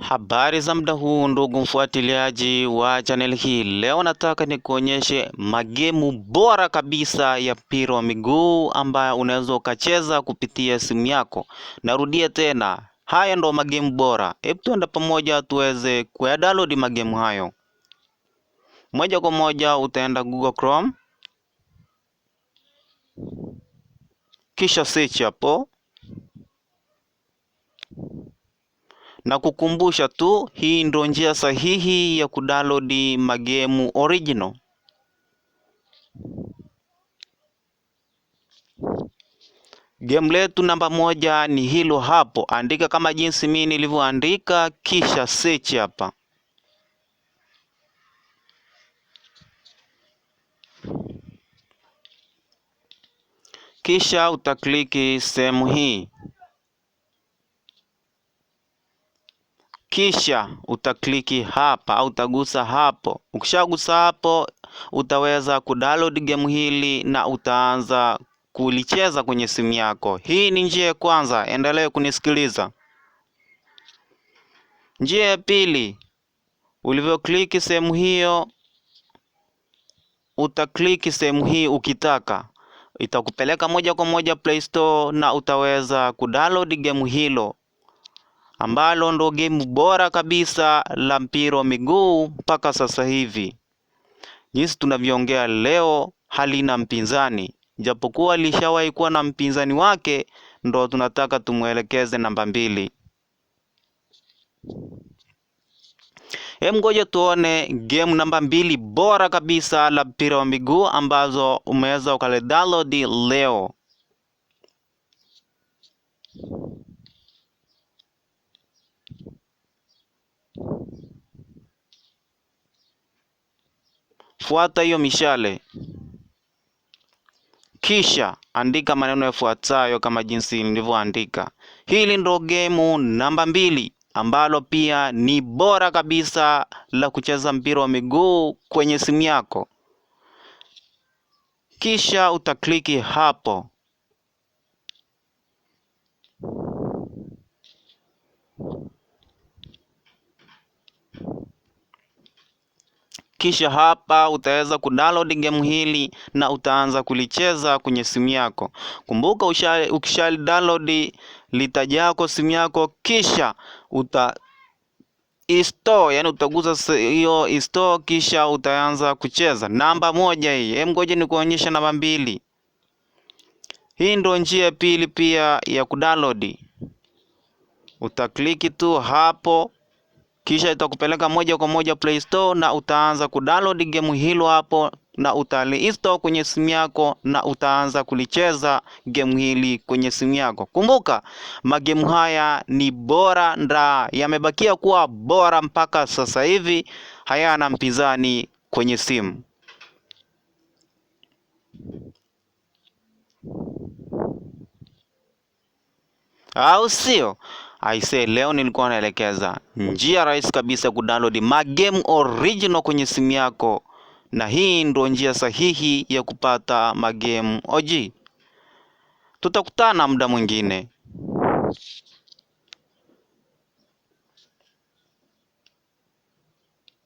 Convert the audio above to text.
Habari za muda huu ndugu mfuatiliaji wa channel hii, leo nataka nikuonyeshe magemu bora kabisa ya mpira wa miguu ambayo unaweza ukacheza kupitia simu yako. Narudia tena, haya ndo magemu bora. Hebu tuende pamoja tuweze kuyadownload magemu hayo. Moja kwa moja utaenda Google Chrome, kisha search hapo na kukumbusha tu, hii ndio njia sahihi ya kudownload magemu original. Game letu namba moja ni hilo hapo, andika kama jinsi mimi nilivyoandika, kisha search hapa. Kisha utakliki sehemu hii. kisha utakliki hapa au utagusa hapo. Ukishagusa hapo, utaweza kudownload game hili na utaanza kulicheza kwenye simu yako. Hii ni njia ya kwanza, endelee kunisikiliza. Njia ya pili, ulivyokliki sehemu hiyo, utakliki sehemu hii ukitaka, itakupeleka moja kwa moja Play Store na utaweza kudownload game hilo ambalo ndo gemu bora kabisa la mpira wa miguu mpaka sasa hivi. Jinsi tunavyoongea leo, halina mpinzani, japokuwa alishawahi kuwa na mpinzani wake, ndo tunataka tumwelekeze namba mbili. Hem, ngoja tuone game namba mbili bora kabisa la mpira wa miguu ambazo umeweza ukale download leo. Fuata hiyo mishale, kisha andika maneno yafuatayo kama jinsi nilivyoandika. Hili ndo gemu namba mbili ambalo pia ni bora kabisa la kucheza mpira wa miguu kwenye simu yako, kisha utakliki hapo. Kisha hapa utaweza kudownload game hili na utaanza kulicheza kwenye simu yako. Kumbuka ukishali download litaja simu yako, kisha uta install, yani utagusa hiyo install, kisha utaanza kucheza. Namba moja hii, hem, ngoja nikuonyesha namba mbili. Hii ndio njia ya pili pia ya kudownload. Utakliki tu hapo kisha itakupeleka moja kwa moja Play Store na utaanza kudownload game hilo hapo na utaliinstall kwenye simu yako na utaanza kulicheza game hili kwenye simu yako. Kumbuka, magemu haya ni bora nda yamebakia kuwa bora mpaka sasa hivi, hayana mpinzani kwenye simu. Au sio? Aisee, leo nilikuwa naelekeza hmm. njia rahisi kabisa ya kudownload Magame Original kwenye simu yako, na hii ndio njia sahihi ya kupata Magame OG. Tutakutana muda mwingine.